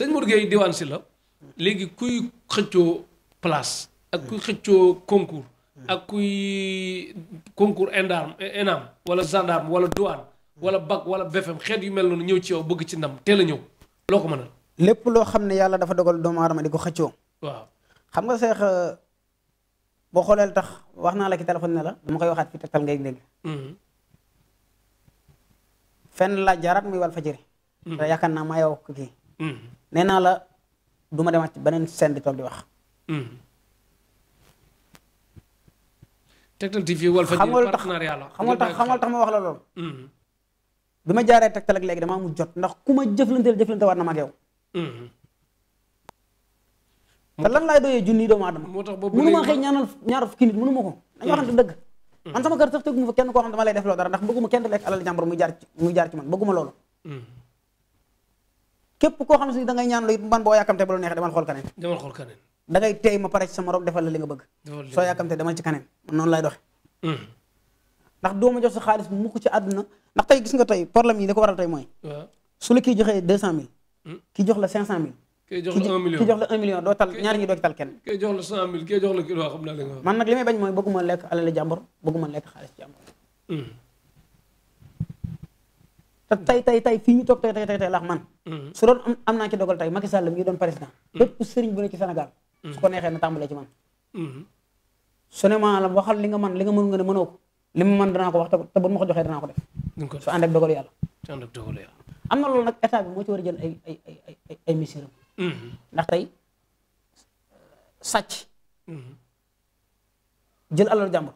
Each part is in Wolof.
sëñ Mor Gueye diwaan si la léegi kuy xëccoo place ak kuy xëccoo concours ak kuy concours indarme enam wala gendarme wala diwaan wala bac wala BFM xeet yu mel noonu ñëw ci yow bëgg ci ndam teel a ñëw loo ko mënal. lépp loo xam ne yàlla dafa dogal doomu aadama di ko xëccoo. waaw xam nga seex euh, boo xooleel tax wax naa la ki téléphone ne la dama koy waxaat fi tegtal ngay dégg. Mm-hmm. fenn la jaaraat muy wal fajiri. Mm-hmm. te yaakaar naa maa yow kii. Mm-hmm. nee naa la du ma ci beneen seen di toog di wax. Hmm. Tektal TV Walfadjri partenariat la xam nga tax xam nga tax ma wax la loolu. Hmm. bi ma jaaree Tektal ak léegi damaa mu jot ndax ku ma jëflanteel jëflante war na ma ak yow. Hmm. te lan laay doyee junni doomu aadama. moo tax boobu mënu ma xëy ñaanal ñaar fukki nit mënu ma ko. dañu waxante dëgg. man sama kër sax tegu ma kenn koo xam dama lay def loo dara ndax bëgguma kenn lekk alal jàmbur muy jaar ci muy jaar ci man bëgguma loolu. képp koo xam si da ngay ñaan lu it man boo yàkkamte ba lu neex xool kaneen demal xool ma pare ci sama rob defal la li nga bëgg soo yàkkamte demal ci kaneen noonu lay doxe hmm. ndax doo ma jox sa xaalis mukk ci àdduna ndax tey gis nga tey problème yi li ko waral tey mooy su la kii joxee deux cent mille hmm. kii jox la cinq cent mille kii jox la un million kii jox la un million doo tal man nag li may bañ mooy bëgguma lekk alal jàmbur bëgguma lekk xaalis jàmbur hmm. te tey tey tey fii ñu toog tey tey tey tey laax man mm-hmm. su doon am naa ci dogal tey Macky Sall mi ngi doon président mm-hmm. bépp sëriñ bu ne ci Sénégal su ko mm-hmm. neexee na tàmbalee ci man su ne maa la waxal li nga man li nga mën nga ne mënoo ko li ma mën ko wax te bu ma ko joxee danaa ko def su na loolu nag état bi moo ci war jël ay ay ay ay ay ndax tey sàcc jël alal jàmbur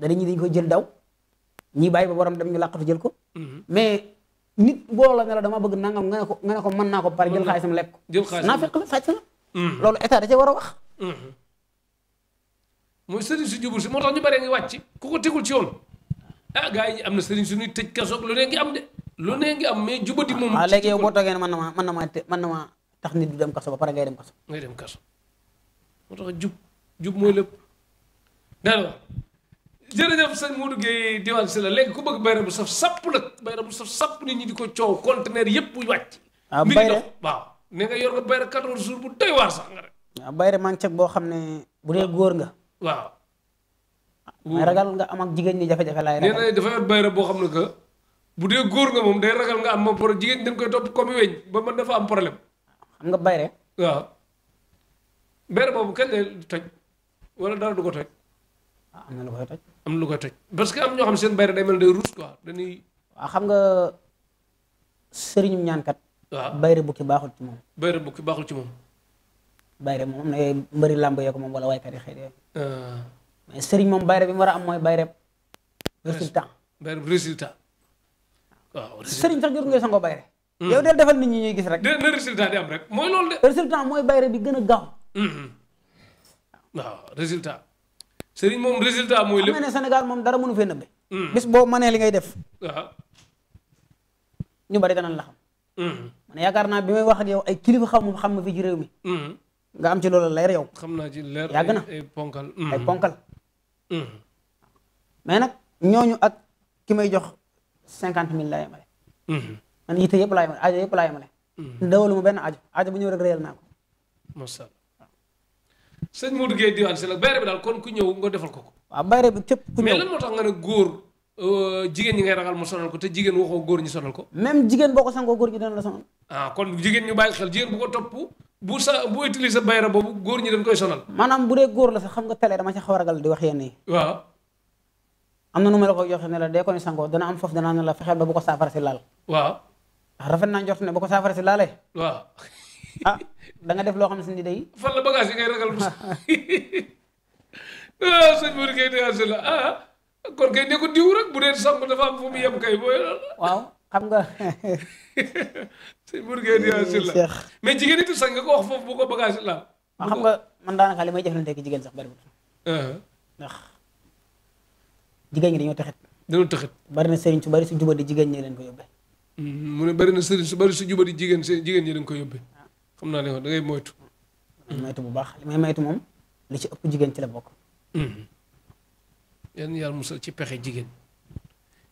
da dañuy dañ ko jël daw ñi bàyyi ba borom dem ñu làqatu jël ko nit boo la ne dama bëgg nangam nga ne ko nga ko mën naa ko pare jël xaalisam lekk ko naa fekk la sàcc la mm-hmm. loolu état da cee war a wax mm-hmm. mooy sëriñ si jubul si moo tax ñu bare ngi wàcc ku ko ci yoon ah gars yi am na sëriñ suñuy tëj kasoog lu ne ngi am de lu ne am mais jubadi moom waaw ah, léegi yow boo ne mën na maa mën na nit du dem kaso ba pare ngay dem kaso dem kaso moo tax jub jub mooy lépp daal jërëjëf sëñ Modou Guèye Diwane Sylla léegi ku bëgg bayra bu saf sapp nag bayra ñi di ko coow conteneur yëpp wàcc. ah bayra waaw ne nga yor nga bayra bu doy waar sax nga rek. Ah, xam ne bu dee góor nga. waaw. mais ah, ragal nga am ak jigéen ñi jafe-jafe laay ragal. nee na boo xam ne que bu dee góor nga moom day ragal nga am moom pour jigéen ñi dañ koy topp comme weñ ba man dafa am problème. xam nga bayra. waaw bayra boobu kenn lay toj wala dara du ko toj. Ah, am na lu koy toj. am lu ko toj parce que am ñoo seen bayre day mel day ruus quoi xam nga sëriñum ñaankat. waaw bayre bukki baaxul ci moom. bayre bukki baaxul ci moom. bayre moom am na yooyu mbëri làmb yoo ko moom wala waykat yi xëy na. Euh. mais sëriñ moom bayre bi mu war a am mooy bayre. résultat bayre résultat. waaw sëriñ sax jot ngay sangoo bayre. Hmm. yow del defal nit ñi ñuy gis rek. dina résultat di am rek mooy loolu de. résultat mooy bayre bi gën a gaaw. Hmm, hmm. waaw sëriñ moom résultat mooy ne Sénégal moom dara mënu fee nëbbe. Hmm. bis boo mënee li ngay def. waaw. Ah. ñu bari danañ la xam. Hmm. man yaakaar naa bi may wax ak yow ay kilifa xam xam ma fi ci réew mi. Hmm. nga am ci loolu leer yow. xam naa ci na ay ponkal. ay nag ñooñu ak ki may jox cinquante mille la yemale. man yitte yëpp laa yemale aajo yëpp laa yemale. dawalu benn aajo aajo bu ñëw rek réyal naa ko. sëñ Modou Guèye diwaan si la bayre bi daal kon ku ñëw nga defal ko ko. waaw bayre bi képp ku ñëw mais lan moo tax nga ne góor euh, jigéen ñi ngay ragal mu sonal ko te jigéen waxoo góor ñi sonal ko. même jigéen boo ko sangoo góor ñi dana la sonal. ah kon jigéen ñu bàyyi xel jigéen bu ko topp bu sa bu utiliser bayra boobu góor ñi dañ koy sonal. maanaam bu dee góor la sax xam nga télé dama ci xaw a ragal di wax yenn yi. waaw. am na nu ma la ko joxe ne la dee ko ni sangoo dana am foofu dana ne la fexeel ba bu ko saafara si laal. waaw. rafet naa njort ne bu ko saafara si laalee. waaw. ah danga def loo xam si ni day. fan la bagage yi ngay ragal mos. ah sëñ Modou Gueye dégg la ah kon kay ne ko diw rek bu dee sàmm dafa am fu mu yem kay booy. waaw xam nga. sëñ Modou Gueye dégg la mais jigéen itam sax nga ko wax foofu bu ko la am. nga man daanaka li may jëflante ak jigéen sax bariwul. Ah. ndax jigéen ñi dañoo taxit. dañoo taxit. bari na sëriñ su bari su juba di jigéen ñi leen ko yóbbee. Mm-hmm. mu ne na sëriñ su bari su juba di jigéen jigéen ñi leen ko yóbbee. xam naa ne da ngay moytu. moytu bu baax li may moytu moom li ci ëpp jigéen ci la bokk. Hmm. yan yàlla musal ci pexe jigéen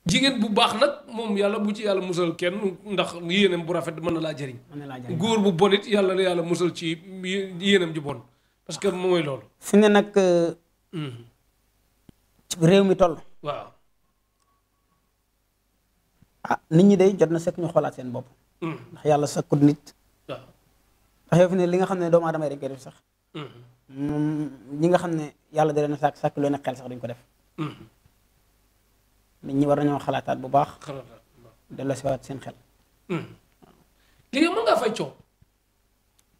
jigéen bu baax nag moom yàlla bu ci yàlla musal kenn ndax yéenam bu rafet mën na laa jëriñ. mën na laa góor bu bon yàlla na yàlla musal ci yéenam ji bon parce que mooy loolu. fi ne nag. Euh, hmm. ci réew mi toll. waaw. ah nit ñi day jot na sekk ñu xoolaat seen bopp. Hmm. ndax yàlla sakkut nit. ndax yow fi ne li nga xam ne doomu aadama yi dañ koy def sax mm-hmm. Mm-hmm. ñi nga xam ne yàlla da leen sàkk sàkk leen xel sax duñ ko def mm-hmm. nit ñi war nañoo xalaataat bu baax delloo si seen xel léegi mën ngaa fay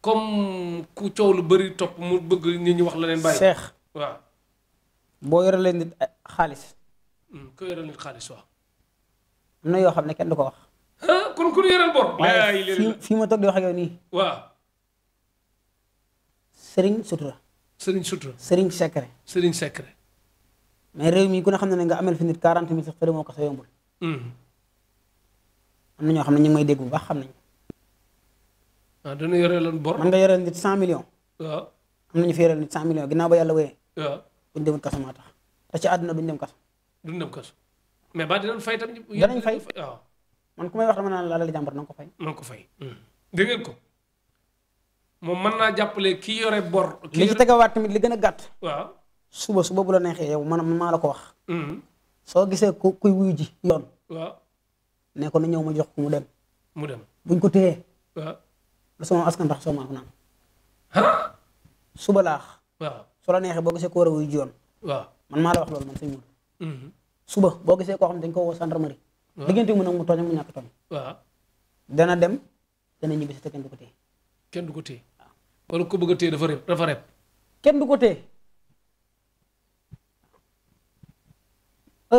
coow lu bari topp mu bëgg nit ñu wax la leen bàyyi seex boo yore leen eh, xaalis mm, ku am na yoo xam ne kenn du ko wax kon ku yoreel bor fii ma toog di wax nii Serigne Sutura. Serigne Sutura. Serigne Secret. Serigne Secret. mais réew mi ku ne xam ne nga amel fi nit 40 000 sax moo hmm. am na ñoo xam ne ñu ngi may dégg bu baax xam nañu. ah dana yore lan bor. na ñu fi yoreel nit 100 millions ginnaaw ba yàlla wéyee. waaw buñ demul kaso maa tax te ci àdduna duñ dem kaso. duñ dem kaso mais ba dinañ fay tam. danañ fay waaw man ku may wax dama naan la la ko fay. na ko fay hmm. dégg ko. moom man naa jàppale kii yore bor. li ci waat tamit li gën a gàtt. waaw suba suba bu la neexee yow man maa la ko wax. Mm-hmm. soo gisee ku kuy wuyu ji yoon. waaw ne na ñëw ma jox ko mu dem. mu dem buñ ko téyee. waaw lu sama askan tax soo suba laax. waaw soo boo gisee ku war a wuyu ji waaw man maa la wax loolu man sëñ mm-hmm. suba boo gisee koo xam ne dañ ko woo gendarmerie. waaw diggante mu nag mu tooñ mu ñàkk tooñ. waaw dem dana ñibbi si te kenn du kenn du ko téye. wala ko bëgg a téye kenn du ko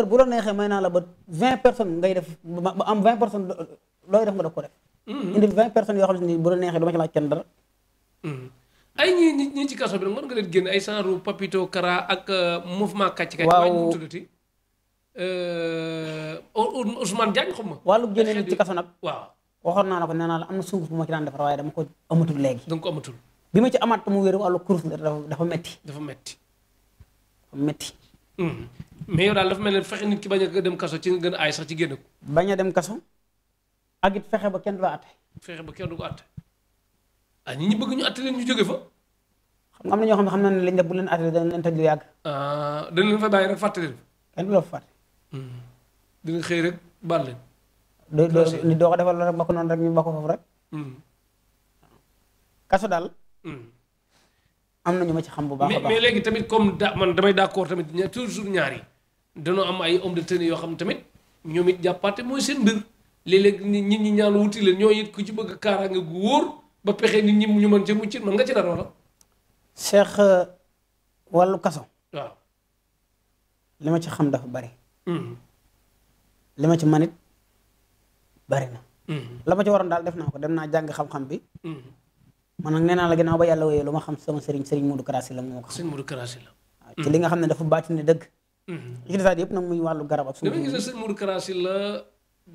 bu la neexee may naa la ba vingt personnes ngay def ba am vingt personnes looy def nga def ko def. Mm-hmm. indi vingt personnes la neexee dama ci laaj kenn dara. Mm-hmm. ay ñi ñi ci kaso mën nga leen génn ay genre Papito Kara ak euh, mouvement kàcc kàcc. waaw ñu tuddati euh, Ousmane Diagne xaw ma. wàllu nit ci kaso nag. waaw waxoon naa la ko nee naa la am na sunguf bu ma ci daan defar waaye dama ko amatul léegi. dama bi ma ci amaat mu wér wàllu course la dafa dafa metti dafa metti dafa metti hmm. mais yow daal dafa mel ni fexe nit ki bañ a dem kaso ci gën aay sax ci génn ko. bañ a dem kaso ak fexe ba kenn du fexe ba kenn du ko atte ah, ñu bëgg ñu atte leen fa. xam nga na ñoo xam ne xam nañ ne liñ def bu leen atte dañ leen tëj ah, dañ leen fa bàyyi rek fàtte fa fàtte. Hmm. xëy rek baal leen. doo ko defal rek ba ko noonu rek ñu rek. Hmm. kaso daal. Hmm. am na ñu ma ci xam bu baax a baax mais léegi tamit comme da man damay d'accord tamit ña toujours ñaar yi dañoo am ay homme de tenue yoo xam ne tamit ñoom it jàppaate mooy seen mbir léeg-léeg nit ñi ñaan wuti la ñoo it ku ci bëgg kaaraange gu wóor ba pexe nit ñi ñu mën ci mucc mën nga ci dara wala. Cheikh euh, wàllu kaso. waaw li ma ci xam dafa bari. Hmm. li ma ci manit bari na. Hmm. la ma ci waroon daal def naa ko dem naa jàng xam-xam bi. man nag nee naa la ginnaaw ba yàlla wooyee lu ma xam sama sëriñ sëriñ Modou Kara Sylla la moo la. ci li nga xam ne dafa baati ne mm-hmm. yëpp nag wàllu garab ak. suñu la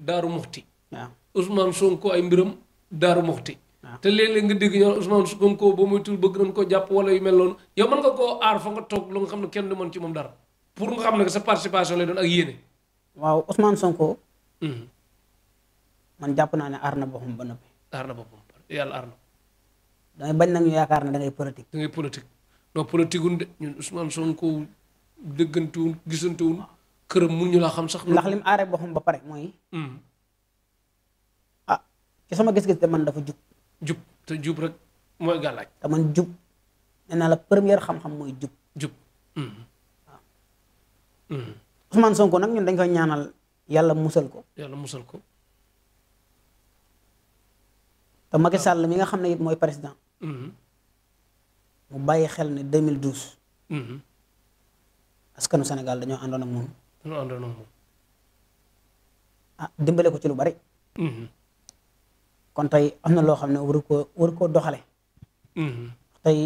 Daaru Muxti. waaw Ousmane Sonko ay mbiram Daaru Muxti. te léeg nga dégg ñoo Ousmane Sonko ba muy tudd bëgg nañ ko jàpp wala yu mel noonu yow mën nga koo aar fa nga lu nga xam ne kenn du mën ci moom dara pour nga xam ne sa participation lay doon ak yéene. waaw Ousmane Sonko. Mm-hmm. man jàpp naa ne aar na boppam ba noppi. aar na boppam yàlla aar damay bañ nag ñu yaakaar ne da ngay politique. da ngay politique de ñun Ousmane Sonko dëggantewul gisantewul këram mun ñu laa xam sax. ndax lim aaree boo ba pare mooy. Hmm. ah ci sama man dafa jub. jub te jub rek mooy gàllaaj. man jub nee naa la première xam-xam mooy jub. jub. waaw. Hmm. Hmm. Ousmane ko nag ñun dañ koy ñaanal yàlla musal ko. yàlla musal ko. te Macky Sall mi nga xam ne it mooy président. Mm-hmm. mu bàyyi xel ne 2012. Mm-hmm. askanu Sénégal dañoo àndoon ak moom. dañoo àndoon ak moom. Ah, dimbale ko ci lu bari. Mm-hmm. kon tey am na loo xam ne waru ko waru koo doxale tey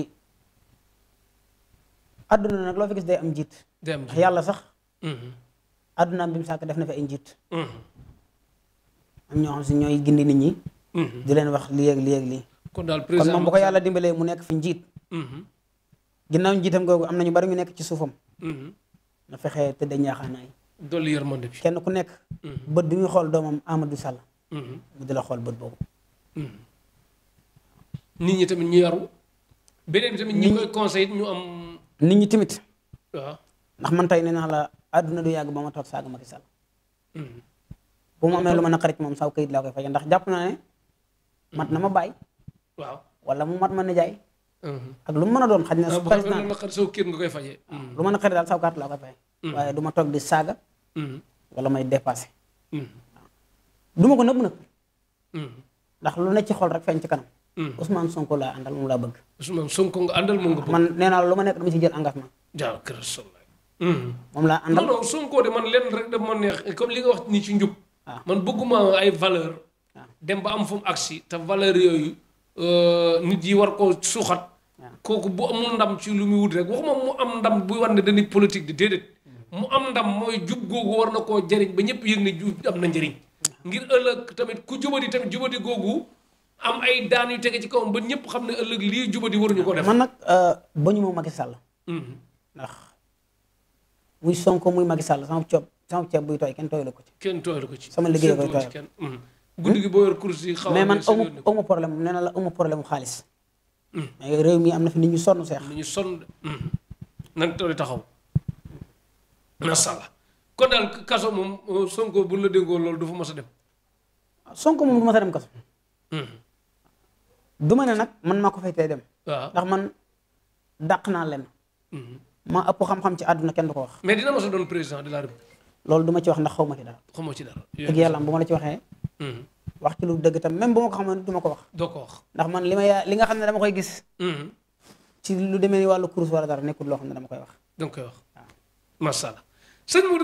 adduna nag loo fi gis day am njiit. yàlla sax. adduna bi mu def na fi ay njiit. am ñoo xam si ñooy gindi nit ñi. di leen wax lii ak lii ak lii. kon daal président moom bu ko yàlla dimbalee mu nekk fi njiit. Mhm. ginnaaw njiitam googu am na ñu bari ñu nekk ci suufam. Mhm. na fexe te dañ ñaaxaanaay. dolli yërmande bi kenn ku nekk. Mhm. bët bi muy xool doomam Amadou Sall. mu di xool bët boobu. nit ñi tamit ñu yaru. beneen bi tamit ñi koy conseil ñu am. ndax man tey nee naa la àdduna du yàgg ba ma toog saaga Macky Sall. bu ma amee lu ma naqari moom saw kayit laa koy fajee ndax jàpp naa ne. mat na ma bàyyi. waaw wala mu mat ma nijaay. Mhm. ak lu mu mën a doon xaj na. président ah, bu naqar soo kër nga koy fajee. Mhm. lu ma naqari daal saw kaart laa koy fajee. Mhm. waaye du ma toog di saaga. wala may dépassé. du ma ko nëbb nag. ndax lu ne ci xol rek feeñ ci kanam. Ousmane Sonko laa àndal moom laa bëgg. Ousmane Sonko nga àndal moom nga naa lu ma nekk dama ci jël engagement. jaaw kër moom laa àndal non non Sonko de man lenn rek daf ma neex comme li nga wax nii ci njub. Ah. man bëgguma ay valeur ah. dem ba am fu agsi te valeur yooyu Euh, nit yi war koo suuxat kooku bu amul ndam ci lu muy wut rek waxuma mu am ndam buy war ne dañuy politique di déedéet mu am ndam mooy jub googu war na koo jëriñ ba ñëpp yëg ne jub am na njëriñ ngir ëllëg tamit ku jubadi tamit jubadi googu am ay daan yu tege ci kawam ba ñëpp xam ne ëllëg lii di waruñu ko def. man nag euh, ba ñu ma Macky Sall. Mhm. ndax muy Sonko muy Macky Sall sama ceeb sama ceeb buy tooy kenn tooylu ko ci. kenn tooylu ko ci sama liggéey guddi gi boo yor course yi mais man amu amu problème nee na la amu problème mu xaalis. Hmm. réew mi am na fi nit ñu sonn seex. nit ñu sonn hmm. nag tool taxaw. macha allah kon daal kaso moom euh, sonko bu la déggoo loolu du fa mos dem. sonko moom du dem kaso. Hmm. du ma ne nag man maa ko fay tey dem. ndax man daq naa leen. maa ëpp xam-xam ci àdduna kenn du ko wax. mais dina mos a doon président de la ci wax ndax xaw ma ci dara. xaw ma ci dara. dëgg yàlla bu ma la ci waxee. wax ci lu dëgg tam même bu ma ko xamoon du ma ko wax. doo ko wax ndax man li ma li nga xam ne dama koy gis. Mm-hmm. ci lu deme ni wàllu course wala dara nekkul loo xam ne dama koy wax. danga koy wax waaw macha allah sëñ Modou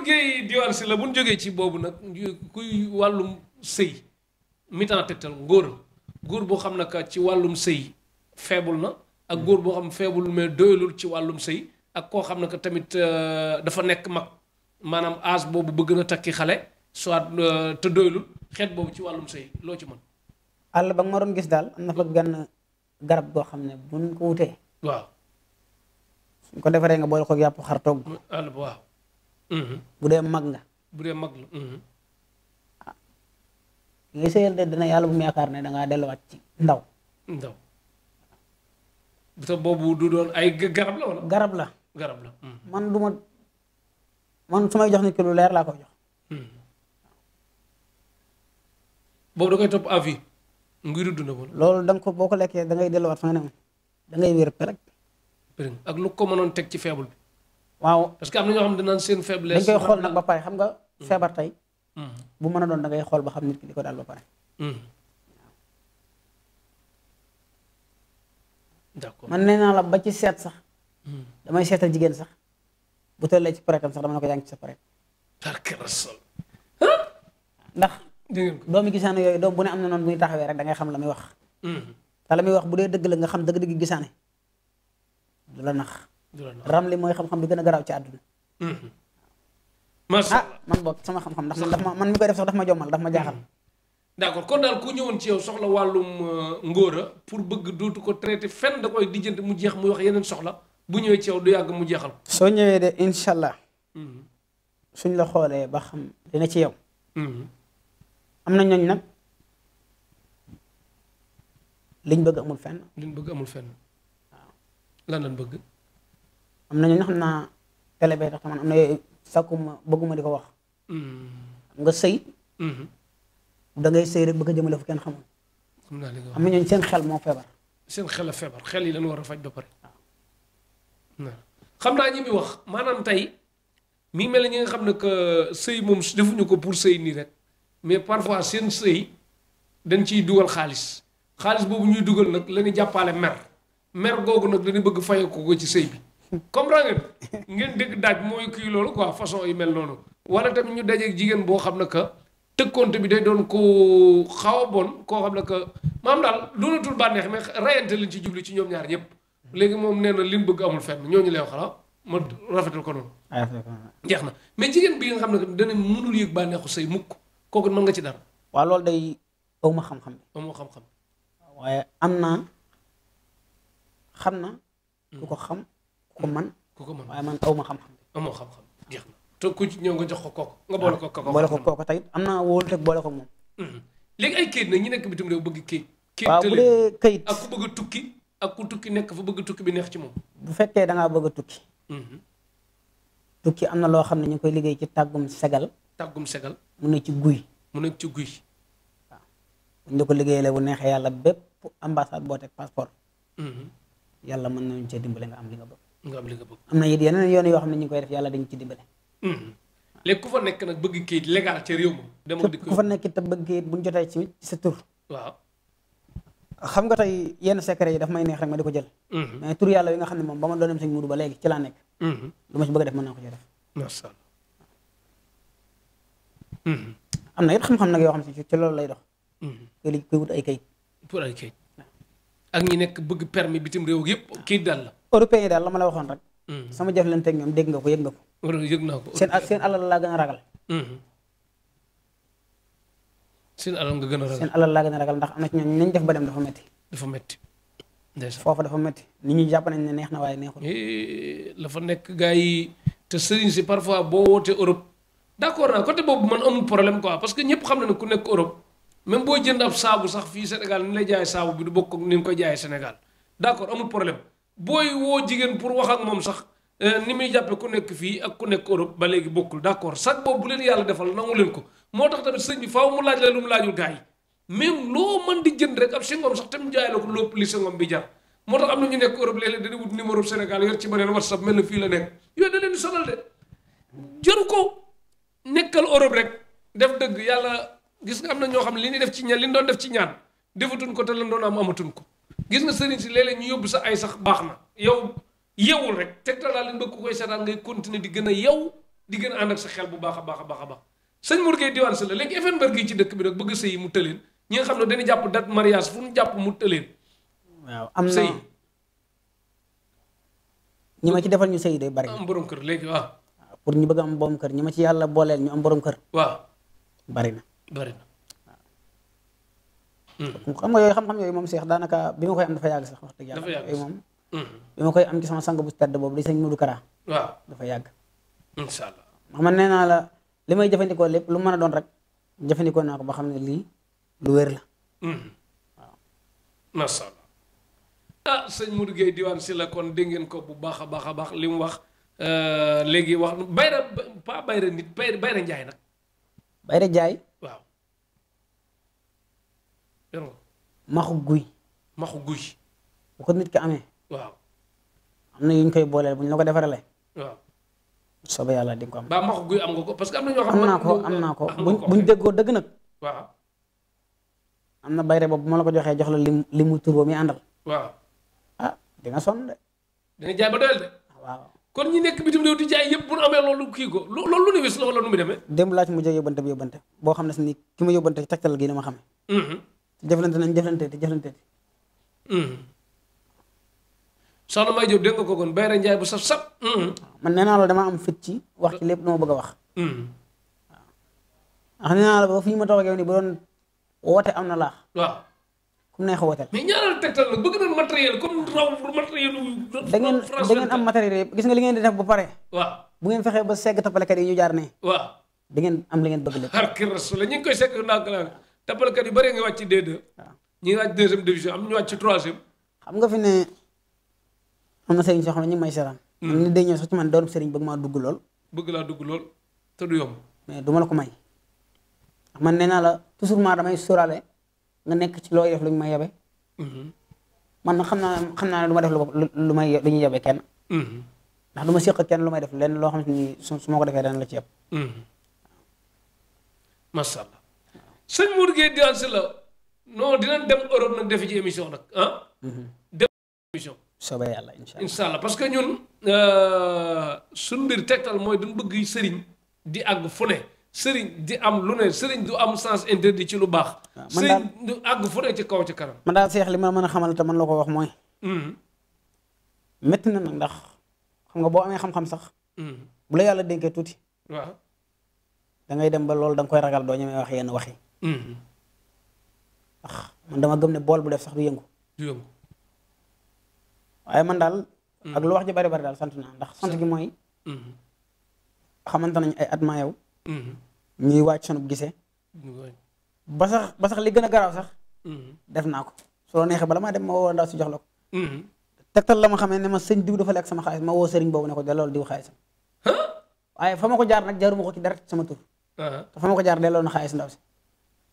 bu ñu jógee ci boobu nag kuy wàllum sëy mitan tegtal ngóor góor boo xam ne que ci wàllum sëy feebul na ak góor boo xam feebul mais doyalul ci wàllum sëy ak koo xam ne que tamit euh, dafa nekk mag maanaam âge boobu bëgg na takki xale soit euh, te doyalul. xeet boobu ci wàllum sëy loo ci mën. àll ba nga ma doon gis daal am na fa gan garab goo xam ne buñ ko wutee. waaw. ko defaree nga boole ko yàpp xar togg. àll mhm. bu dee mag nga. bu dee mag la. Mhm. ah li sëyal de dina yàlla bu mu yaakaar ne dangaa delluwaat ci ndaw. ndaw te boobu du doon ay garab la garab la garab mhm. la. man du ma man su jox nit ki lu leer laa koy jox. boobu da koy topp à vie nguuru dund ko. loolu danga ko boo ko lekkee dangay ngay delluwaat fa nga ne da ngay wér rek. ak lu ko mënoon teg ci faible bi. waaw parce que am na xam ne dinañ seen faiblesse. dañ koy xool nag ba pare xam nga. Mm. feebar tey. Mm. bu mën a doon da ngay xool ba xam nit ki di ko daal ba pare. Mm. d'accord man ne naa la ba ci seet sax. damay seetal jigéen sax. bu tollee ci pareetam sax dama ne ko yaa ngi ci sa pare. ndax. doomi gisaane yooyu doom bu ne am na noonu bu taxawee rek da ngay xam la muy wax hmm. te la muy wax bu dee dëgg la nga xam dëgg dëgg gisaane du la nax li mooy xam-xam bi gën a garaaw ci àdduna hmm. ah man boog sama xam-xam ndax man hmm. daf ma man mi koy def sax daf ma daf ma jaaxal d'accord kon daal ku ñëwoon ci yow soxla wàllum euh, ngóora pour bëgg dootu ko traité fenn da koy dijjante mu jeex mu wax yeneen soxla bu ñëwee ci yow du yàgg mu jeexal soo ñëwee de incha allah. suñ la xoolee ba xam dina ci yow. am na ñooñ nag liñ bëgg amul fenn. liñ bëgg amul fenn. waaw lan lañ bëgg. am na ñooñ xam naa télé bee tax man am na sakkuma bëgguma di ko wax. Hmm. nga sëy. Hmm. da ngay sëy rek bëgg a jëmale fu kenn xamul. am na seen xel moo feebar. seen xel a xel yi lan war faj ba pare. xam naa ñi muy wax maanaam tey mi ngi mel ni ñi xam ne que sëy moom defuñu ko pour sëy nii rek. mais parfois seen sëy dañ ciy dugal xaalis xaalis boobu ñuy dugal nag la ñu jàppale mer mer googu nag dañu bëgg fayeku ko ci sëy bi comprendre ngeen ngeen dégg daaj mooy kii loolu quoi façon yu mel noonu wala tamit ñu dajeeg jigéen boo xam ne que tëkkonte bi day doon ko xaw a bon koo xam ne que maam daal doonatul bànneex mais rayante liñ ci jubli ci ñoom ñaar ñëpp léegi moom nee na li mu bëgg amul fenn ñooñu lay wax la ah, ma rafetal ko noonu jeex na mais jigéen bi nga xam ne que dana mënul yëg bànneexu say mukk kooku mën nga ci dara. waaw loolu day aw ma xam-xam. aw waaye am na xam na. ku ko hmm. xam ku ko man ku ko mën man aw ma xam-xam. xam-xam jeex na te ku ñëw nga jox ko kooku. nga boole ko kooku boole ko kooku tamit am naa wóolu teg boole ko moom. Hmm. léegi ay kayit nag ñi nekk bitim réew bëgg kayit. waaw bu dee kayit ak ku bëgg a tukki ak ku tukki nekk fu bëgg tukki bi neex ci moom. bu fekkee da bëgg a tukki. Hmm. tukki am na loo xam ne ñu koy liggéey ci tàggum segal. tàggum segal mu ne ci guy mu nekk ci guy waaw buñ la ko liggéeyale bu neexee yàlla bépp ambassade boo teg passeport mhm. yàlla mën nañu cee dimbale nga am li nga bëgg nga am li nga bëgg am na it yeneen yoon yoo xam ne ñu koy def yàlla dañ ci dimbale mhm. léegi ku fa nekk nag bëgg kayit légal ca réew ma ku fa nekk te bëgg kayit buñ jotee ci sa tur waaw xam nga tey yenn secret yi daf may neex rek ma di ko jël mhm. mais tur yàlla yi nga xam ne moom ba ma doon dem sëñ Muudu ba léegi ci laa nekk lu ma ci bëgg am na it xam-xam nag yoo xam si ci loolu lay dox. Hmm. kër wut ay kayit. pour ay kayit ak ñi nekk bëgg permis bitim réew yëpp kayit daal la. européen yi daal la ma la waxoon rek. Hmm. sama jëflante ak ñoom dégg nga ko yëg nga ko. yëg naa ko seen seen alal laa gën a ragal. Hmm. seen alal nga gën a ragal seen alal laa gën a ragal ndax am na ci ñoom nañ def ba dem dafa metti dafa metti ndeysaan foofa dafa metti nit ñi jàpp nañ ne neex na waaye neexul. Eh, la fa nekk gars yi te sëriñ si parfois boo wootee Europe. d'accord naa côté boobu man amul problème quoi parce que ñëpp xam ne ku nekk Europe même boo jënd sax fii Sénégal ni lay jaay bokk ak ni ñu koy jaayee Sénégal d'accord amul problème booy woo pour wax ak moom sax euh, ni muy jàppe ku nekk fii ak ku nekk Europe ba léegi bokkul d'accord sax boobu bu leen yàlla defal nangu leen ko moo tax tamit sëñ bi faaw mu laaj la lu mu laajul di jënd rek ab singom sax tam jaay la ko lépp li bi jar moo tax am na ñu nekk Europe léeg-léeg dañuy wut numéro Sénégal yor ci beneen na fii la nekk yooyu da leen sonal de jaru ko nekkal Europe rek def dëgg yàlla gis nga am na ñoo xam li ñu def ci ñaan li ñu doon def ci ñaan defatuñ ko te lan doon am amatuñ ko gis nga sëriñ si léeg-léeg ñu yóbbu sa ay sax baax na yow yewul rek te tegtal daal leen bëgg ku koy seetaan ngay continuer di gën a yew di gën a ànd ak xel bu baax a baax baax a baax sëñ Mor Gueye diwaan si la léegi Effenberg yi ci dëkk bi nag bëgg sëy mu tëleen ñi nga xam ne dañu jàpp date mariage fu ñu jàpp mu tëleen waaw am na sëy ñi ma ci defal ñu sëy day bari borom kër léegi waaw pour ñu bëgg am borom kër ñi ma ci yàlla booleel ñu am borom kër. waaw bari na. bari na waaw. Hmm. Hmm. xam nga yooyu xam-xam yooyu moom seex daanaka bi ma koy am dafa yàgg sax wax dëgg yàlla. dafa yàgg yooyu moom. Hmm. bi ma koy am ci sama sang bu tedd boobu di sëñ Modou Kara. waaw dafa yàgg. incha xam nee naa la li may jëfandikoo lépp lu mën a doon rek jëfandikoo naa ko ba xam ne lii lu wér la. Ah, waaw. a Euh, léegi wax Bayra pas Bayra nit Bayra Njaay nag. Bayra Njaay. waaw. yoroo. maxu guy. maxu guy. bu ko nit ki amee. waaw. am na yu ñu koy booleel bu ñu la ko defaralee. waaw. soobee yàlla di nga ko am. ba guy am nga ko parce que am na ñoo xam. am naa ko am ko buñ buñ déggoo nag. waaw. na bayre boobu ma la ko joxee jox la lim limu turbo ah, de. dina jaay ba doyal de. kon ñi nekk bitim réew di jaay yëpp bu nu amee loolu kii ko loolu lu ne wis la wala nu muy demee démb laa ci mujjee yóbbante bi yóbbante boo xam ne si ni ki ma yóbbante tegtal na ma xame mm-hmm. jëflante nañ jëflante te jëflante mm-hmm. soxna may Jóob dégg nga ko kon mm-hmm. naa la damaa am fit ci wax ci lépp lu bëgg a wax waaw ndax nee la ba fi ñu ma toog ak yow nii bu doon woote am na laax neex wooteel. mais ñaareel tegtal matériel comme raw ngeen da ngeen am matériel gis nga li ngeen di def bu pare. waaw bu ngeen fexee ba segg tapalekat yi ñu jaar ne. waaw da ngeen am li ngeen bëgg ngi koy segg ndànk la tapalekat yu bëri nga wàcc D2. waaw xam nga fi ne am na sëriñ soo xam ne ñu may seetaan. Hmm. am na day ñëw sax ci man doon sëriñ bëgg maa dugg lool. bëgg laa dugg lool te du yomb. mais du ma la ko may man nee naa la toujours maa damay sóoraale nga nekk ci looy def lu ñu may yabe man na xam naa xam naa ne def lu may lu ñuy yabe kenn ndax du ma séq kenn lu may def leen loo xam ne su ma ko defee dana la ci yab masha Allah sëñ Modou Gueye Diagne Sylla non dinañ dem Europe nag defi ci émission nag ah dem émission soobee yàlla incha allah parce que ñun euh, suñ mbir tegtal mooy duñ bëgg sëriñ di ak fu sëriñ di am lu ne sëriñ du am sens interdit ci lu baax. Ah, man daal sëriñ àgg fu ci kaw ci kanam. man daal seex li ma mën a xamal te man la ko wax mooy. Mm-hmm. métti na nag ndax xam nga boo amee xam-xam sax. Mm-hmm. bu la yàlla dénkee tuuti. waaw da dem ba lool da koy ragal doo ñemee wax yenn wax yi. Mm-hmm. man dama gëm ne bool bu def sax du yëngu. du man daal. ak lu wax ji bari bari daal sant naa ndax sant gi mooy. xamante nañ ay at maa yow. ñuy wàcc sunu gisee. ba sax ba sax li gën a garaaw sax. Mm-hmm. def naa ko soo neexee bala maa dem ma woo ndaw si jox la ko. Mm-hmm. tegtal la ma xamee ne ma sëñ diw dafa lekk sama xaalis ma woo sëriñ boobu ne ko delloo diw xaalisam. waaye fa ma ko jaar nag jaaruma ko ci dara sama tur. Uh-huh. te ma ko jaar delloo na xaalis ndaw si.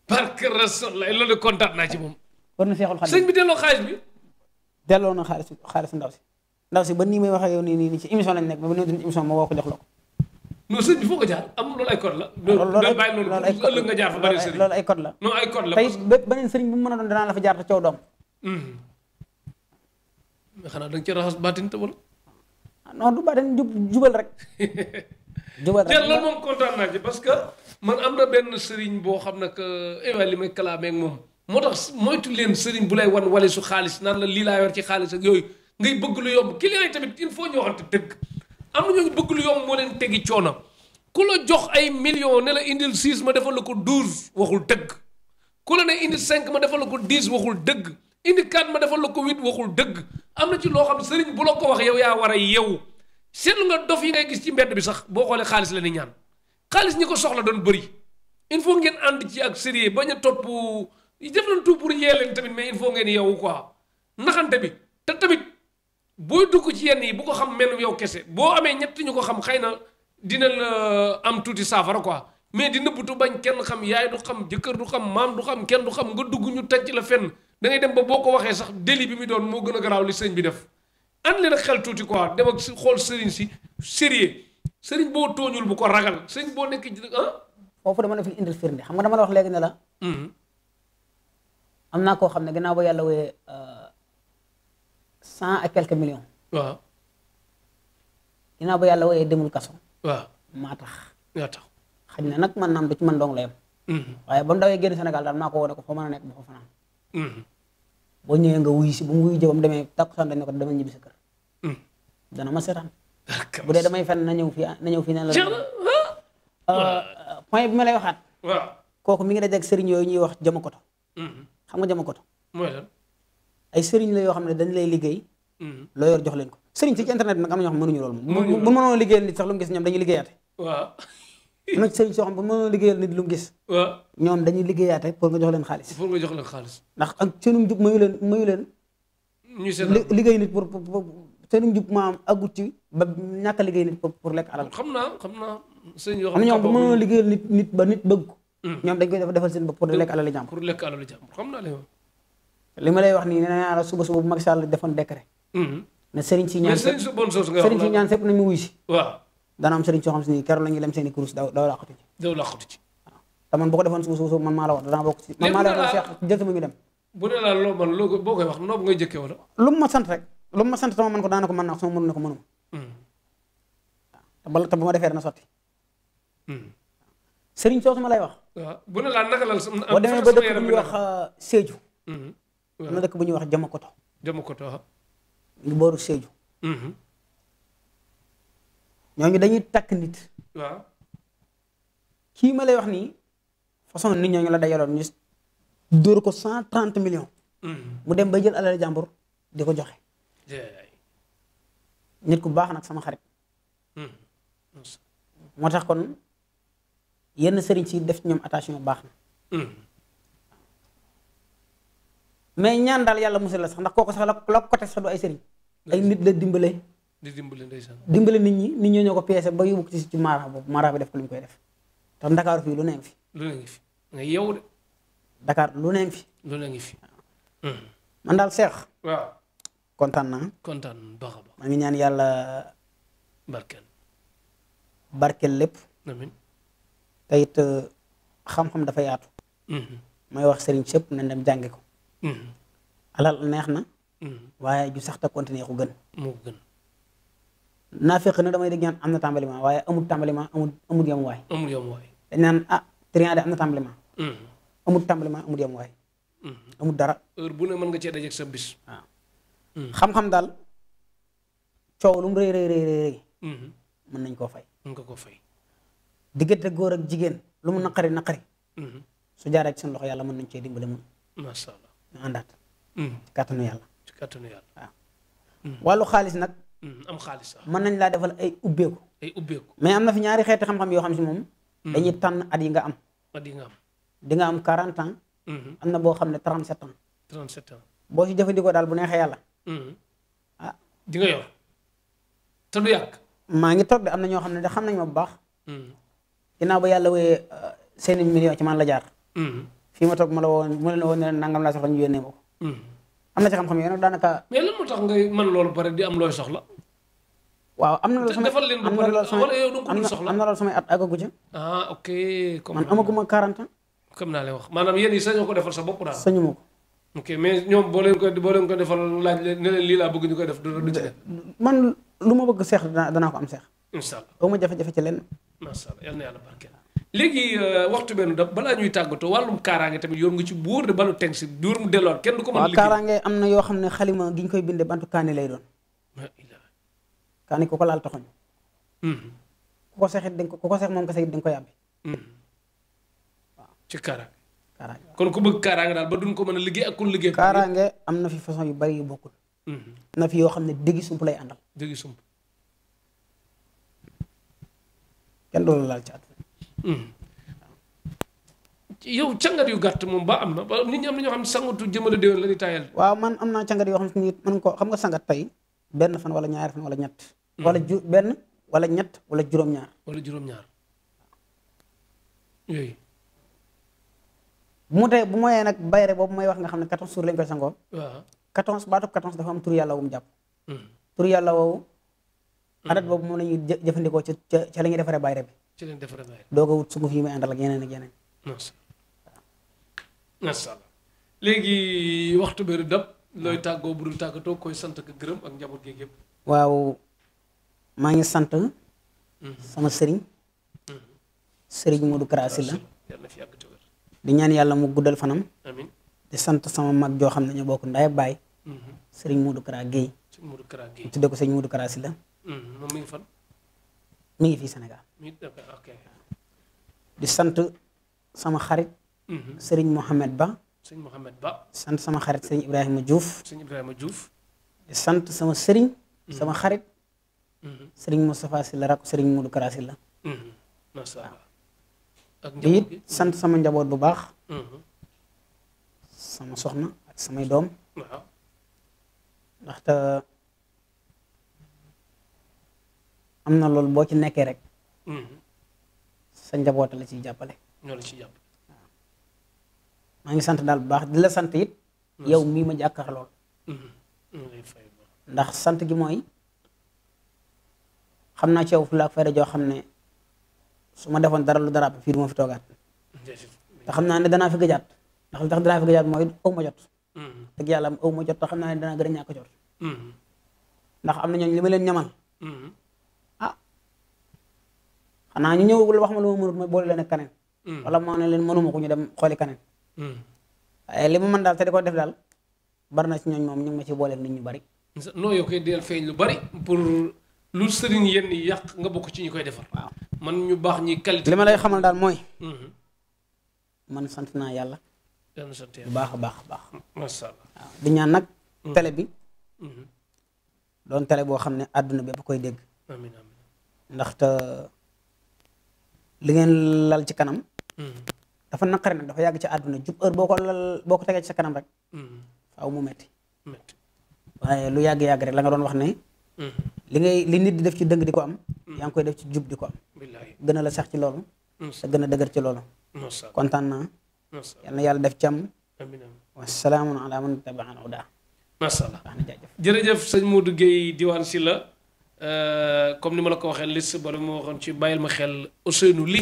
parce que rasulilah loolu kontaan na seexul sëñ bi delloo xaalis bi. delloo na xaalis xaalis ndaw si ndaw si ba nii may wax ak nii nii ci émission lañ nekk ba ba nii ci ma woo ko jox la ko. non sëñ bi foo ko jaar amul loolu ay code la. Ah, loolu ay code la loolu ëllëg nga jaar fa beneen sëriñ loolu ay code la. non ay code la tey beneen sëriñ bu mu mën a doon danaa la fa jaar te coow doom. Hmm. mais xanaa da nga ci raxas baatin te wala. Ah, non du baatin jub jubal rek. jubal rek te loolu moom kontaan naa ci parce que man am na benn sëriñ boo xam ne que évalué eh li may kalaamee ak moom. moo tax moytu leen sëriñ bu lay wan wale su xaalis naan la lii laa yor ci xaalis ak yooyu ngay bëgg lu yomb client yi tamit il faut ñu waxante dëgg. am na ñooñu bëgg lu moo leen tegi coono ku la jox ay millions ne la indil 6 ma defal la ko 12 waxul dëgg ku la ne indil 5 ma defal la ko 10 waxul dëgg indi 4 ma defal la ko 8 waxul dëgg am na ci loo xam sëriñ bu la ko wax yow yaa war a yeewu seetlu nga dof yi ngay gis ci mbedd bi sax boo xoolee xaalis la ni ñaan xaalis ñi ko soxla doon bëri il faut ngeen ànd ci ak sérieux bañ a topp def nañ tout pour yee leen tamit mais il faut ngeen yeewu quoi naxante bi booy dugg ci yenn yi bu ko xam mel yow kese boo amee ñett ñu ko xam xëy na dina la euh, am tuuti saafara quoi mais di nëbbatu bañ kenn xam yaay du xam jëkkër du xam maam du xam kenn du xam nga dugg ñu tëj la fenn da ngay dem ba boo ko waxee sax déli bi mu doon moo gën a garaaw li sëñ bi def. an leen xel tuuti quoi dem ak xool sëriñ si sérieux sëriñ boo tooñul bu ko ragal sëriñ boo nekk ci ah. foofu dama la fi indil xam nga dama wax léegi ne la. Mm-hmm. am naa koo xam ne gannaaw ba yàlla wooyee euh, cent et quelques millions. waaw. ginnaaw ba yàlla wooyee demul kaso. waaw maa tax. maa tax xaj na nag man naam du ci man dong la yem. Mm-hmm. waaye ba mu dawee génn Sénégal daal maa ko woo ko foo mën a nekk ba fa fanaan. Mm-hmm. boo ñëwee nga wuyu si bu mu wuyu jë ba mu demee takkusaan ko dama mm-hmm. ma seetaan. bu dee damay fenn na ñëw na ñëw fii ne la. Ah. Ah, point bi ma lay waxaat. waaw kooku mi ngi dajeeg sëriñ yooyu ñuy wax jëma koto. xam nga jëma koto. ay sëriñ la yoo xam ne dañ lay liggéey mm-hmm. loo yor jox leen ko sëriñ si ci internet bi nag am na ñoo xam mënuñu na moom bu mënoon liggéeyal nit sax lu mu gis ñoom dañuy liggéeyaate waaw am pour nga jox leen xaalis pour jox leen xaalis ndax ak seenum jub mayu leen mayu leen liggéey nit pour seenum jub maam agut ci ba ñàkk a liggéey nit pour lekk alal xam naa xam naa sëriñ yoo xam ne mm. ñoom mm. pour lekk alal jàmm li ma lay wax nii nee naa la suba suba bu Macky Sall defoon décret. Mhm. ne Serigne si ñaan Serigne si bon wuy si. dana am Serigne soo xam la ñuy lem seen i kurus daw daw laqatu ci. la ma sant rek lu ma sant dama mën mhm. ma defee dana sotti. Mhm. Serigne soo su ma lay wax. waaw bu la. am sax sama yaram bi boo demee ba dëkk bu ñuy wax euh, Sédhiou am na dëkk bu ñuy wax Jamakoto. Jamakoto ah. ñu booru Sédhiou. Mhm. ñooñu dañuy takk nit. waaw kii ma lay wax nii façon nit ñooñu la yoroon ñu dóor ko cent trente millions. Mhm. mu dem ba jël alal jàmbur di ko joxe. nit ku baax nag sama xarit. Mhm. moo tax kon yenn sëriñ si def ñoom attention baax na. mais ñaan daal yàlla musal la sax ndax kooku sax la la côté sax du ay sëriñ ay nit la dimbale. di dimbale ndeysaan dimbale nit ñi nit ñoo ñoo ko peese ba yóbbu ci ci maara boobu maara def ko lu ñu koy def ndax Dakar fii lu ne fi. lu ne fi nga yow de. Dakar ne fi. lu ne fi. man daal seex. kontaan naa. kontaan baax a baax. maa ngi ñaan yàlla. barkeel. barkeel lépp. amiin. Euh, xam-xam dafa yaatu. Mhm. may wax sëriñ sëpp na dem jàngi ko. alal neex na. waaye ju sax te continuer ku gën. moo naa fekk na damay dégg ñaan am na tàmbaliment waaye amul tàmbaliment amul amul yem waay. amul yem waay. dañ naan ah triant de am na tàmbaliment. Hmm. amul tàmbaliment amul yem waay. Hmm. amul dara. heure bu ne mën nga cee dajeeg sa bis. Hmm. xam-xam daal coow lu mu rëy rëy mën nañ koo fay. mën nga koo jigéen lu mu naqari naqari. su jaaree ci seen loxo yàlla mën nañ cee dimbale ñu àndaat. Mm. kàttanu yàlla. ci kàttanu yàlla waaw. Mm. wàllu xaalis nag. Mm, am xaalis sax mën nañ laa defal ay ubbeeku. ay ubbeeku mais am na fi ñaari xeeti xam-xam yoo xam si moom. dañuy tànn at yi nga am. at am di nga am 40 ans. Mm-hmm. na boo xam ne 37 ans. 37 ans boo si jëfandikoo daal bu neexee yàlla. Mm-hmm. ah di nga yor te du yàgg. maa ngi toog de am na ñoo xam ne de xam nañ ma bu baax. Mm-hmm. ginnaaw ba yàlla wooyee euh, seen million ci man la jaar. fii ma toog ma la woon mu ne la woon ne nangam laa soxla ñu hmm. am na ci xam-xam yooyu nag daanaka. mais lan moo loolu pare di am looy soxla. waaw am na loolu sama am na loolu sama am na loolu samay at àggagu ca. ah ok. comme man amaguma 40 ans. comme naa lay wax maanaam yéen yi sañoo ko defal sa bopp daal. sañu ma ko. ok mais ñoom boo leen ko boo ko defal laaj leen ne leen lii laa bëgg ñu koy def man lu ma bëgg seex danaa danaa am seex. incha allah ba ma jafe-jafe ci lenn. macha allah na léegi euh, waxtu benn daf balaa ñuy tàggatoo wàllum kaaraange tamit yor nga ci buur de balu teg si delloo kenn du ko mën liggéey waaw kaaraange am na yoo xam ne xalima gi ñu koy bindee bantu kaani lay doon kaani ku ko laal taxoñ mm-hmm. ku dañ ko ku ko seex moom kese dañ koy àbbi mm-hmm. ci kaaraange kaaraange kon ku bëgg kaaraange daal ba duñ ko mën a liggéey ak ku liggéey kaaraange am na fi façon yu bari yu bokkul mm-hmm. na fi yoo xam ne déggi sump lay àndal déggi sump kenn doolu Mm. yow càngat yu gàtt moom baa am na ba nit ñi am na ñoo xam ne sangatu jëmale déwén la ñuy taayal. waaw man am naa càngat yoo xam ne mën ko xam nga sangat tey benn fan wala ñaar fan wala ñett. Mm. wala ju benn wala ñett wala juróom-ñaar. wala juróom-ñaar yooyu. bu mu tey bu moyee nag bayre boobu may wax nga xam ne 14 jours lañ koy sangoo. waaw 14 baatu 14 dafa am tur yàlla wu jàpp. Mm. tur yàlla woowu. adat boobu moom la ñuy jëfandikoo ca ca la ñuy defaree bayre bi. ci leen def rëdd doo ko wut sunguf yi may àndal ak yeneen ak yeneen. léegi waxtu bi dab looy tàggoo bu dul tàggatoo koy sant ak gërëm ak njaboot gi yëpp. waaw maa ngi sant. Mhm. sama sëriñ. Mhm. sëriñ Modou Kara Sylla la di ñaan yàlla mu guddal fanam. amiin di sant sama mag joo xam ne ñu bokk ndaay baay. Mhm. sëriñ Modou Kara Guèye. la. moom ngi fan. mi fii Sénégal. di sant sama xarit. Mhm. Serigne Mohamed Ba. Serigne Mohamed Ba. di sant sama xarit Serigne Ibrahima Diouf. Serigne di sant sama sëriñ mhm. sama xarit. Mhm. sëriñ Moustapha Sylla rakk Serigne Modou Kara sant sama njaboot bu baax. sama soxna samay doom. waaw am na loolu boo ci nekkee rek. Mm-hmm. sa njaboot la ciy jàppale. ñoo la ciy maa ngi sant daal bu baax di la sant it. Mm-hmm. yow mii ma jàkkaar lool. Mm-hmm. ndax sant gi mooy xam naa ci yow fulaak fayda joo xam ne su ma defoon dara lu dara fii du fi toogaat. te xam naa ne danaa fi gëjaat ndax li tax danaa fi gëjaat mooy aw ma jot. dëgg yàlla aw ma jot te xam naa ne danaa gën a ñàkk jot. ndax am na ñooñu li ñamal. xanaa ñu ñëw wax ma lu ma mënut ma boole leen ak kaneen hmm. ma ne leen mënuma ko ñu dem xooli kaneen waaye hmm. eh, li ma mën daal te di ko def daal bari na ci ñooñ moom ñu ngi ma ci ñu bari non yow koy del lu bari pour lu sëriñ yenn nga bokk ci ñu koy defar waaw man ñu baax ñi qualité li ma lay xamal daal mooy hmm. man sant naa yàlla bu baax a baax a baax masha di ñaan nag télé bi doon télé boo xam ne àdduna bépp koy dégg amiin li ngeen lal ci kanam hmm. dafa naqari nag dafa yagg ci aduna jub heure boo ko lal boo ko tegee ci sa kanam rek hmm. faaw mu metti waaye lu yàgg-yàgg rek la nga doon wax ne hmm. li ngay li nit di def ci dëng di ko am yaa ngi koy def ci jub di ko am gën a la sax ci loolu sa gën dëgër ci loolu kontaan naa yal na yàlla def càmm wasalaamun ala man tabaana huda macha allah jërëjëf sëñ Modou Guèye Diwane la Euh, comme ni ma la ko waxee liste ba ma waxoon ci bàyyil ma xel Ousseynou li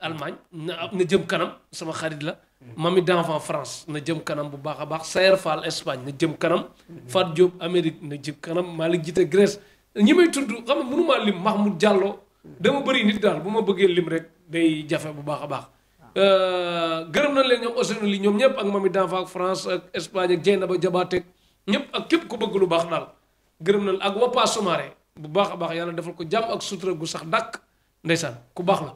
Allemagne na na jëm kanam sama xarit la mm-hmm. mami d'enfant France na jëm kanam bu baax a baax Sayer Fall Espagne na jëm kanam mm-hmm. Fat Diop Amérique na jëm kanam Malick Jité Grèce ñi may tudd xam nga mënumaa max mu jàlloo mm-hmm. dama bëri nit daal bu ma bëggee lim rek day jafe bu baax a baax ah. euh, gërëm na leen ñoom Ousseynou Ly ñoom ñëpp ak mami d'enfant France ak Espagne ak Dieynaba Diabaté ñëpp ak képp ku bëgg baax daal gërëm nañ ak Wapa Soumaré bu baax a baax yàlla defal ko jàmm ak sutura gu sax dàkk ndeysaan ku baax la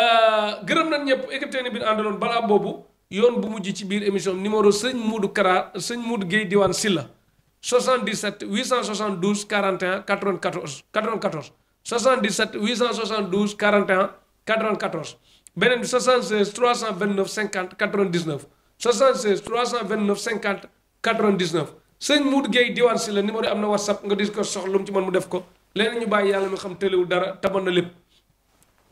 euh, gërëm nañ ñëpp équipe technique bi ñu àndaloon balaa boobu yoon bu mujj ci biir émission numéro sëñ Modou Kara sëñ Modou Guèye Diwane Sylla 77 872 41 94 94 77 872 41 94 beneen bi 76 329 50 99 76 329 50 99. sëñ Modou Guèye Diwane Sylla numéro yi am na whatsapp nga dis ko soxla lu mu mu def ko leneen ñu bàyyi yàlla mi xam tëlewul dara taban na lépp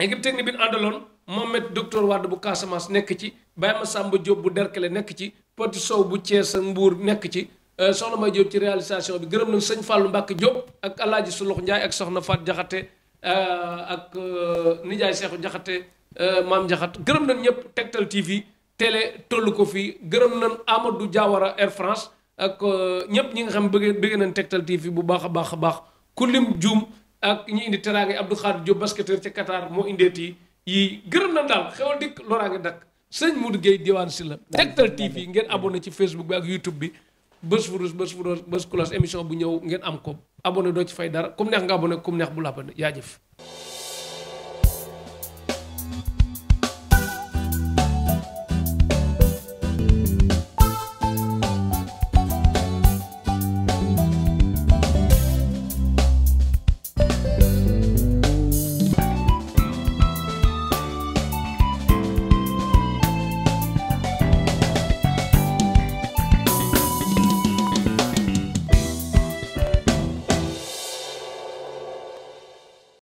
équipe technique bi ñu àndaloon Mohamed docteur Wade bu Casamance nekk ci Baye Massamba Diop bu Derkele nekk ci Petit Sow bu Thiès Mbour nekk ci euh, soxna May Diop ci réalisation bi gërëm na sëñ fàllu Mbacke Diop ak su Sulux Njaay ak soxna Fat Jaxate euh, ak euh, nijaay Seexu Jaxate maam Jaxat gërëm na ñëpp Tektal TV télé tollu ko fii gërëm nañ Amadou Diawara Air ak euh, ñëpp ñi nga xam bëgg bëgg nañ Tektal TV bu baax a baax a baax ku lim juum ak ñi indi teraange Abdou Khadre Diop basketteur ca Qatar moo indeeti yi gërëm na nañ xew xewal dikk loraange dakk sëñ Modou Gueye Diwane Sylla Tektal TV ngeen abonné ci Facebook bi ak YouTube bi bés fu ruus bés fu ruus bés kulas émission bu ñëw ngeen am ko abonné doo ci fay dara kum neex nga abonné kum neex bu la abonné yaa jëf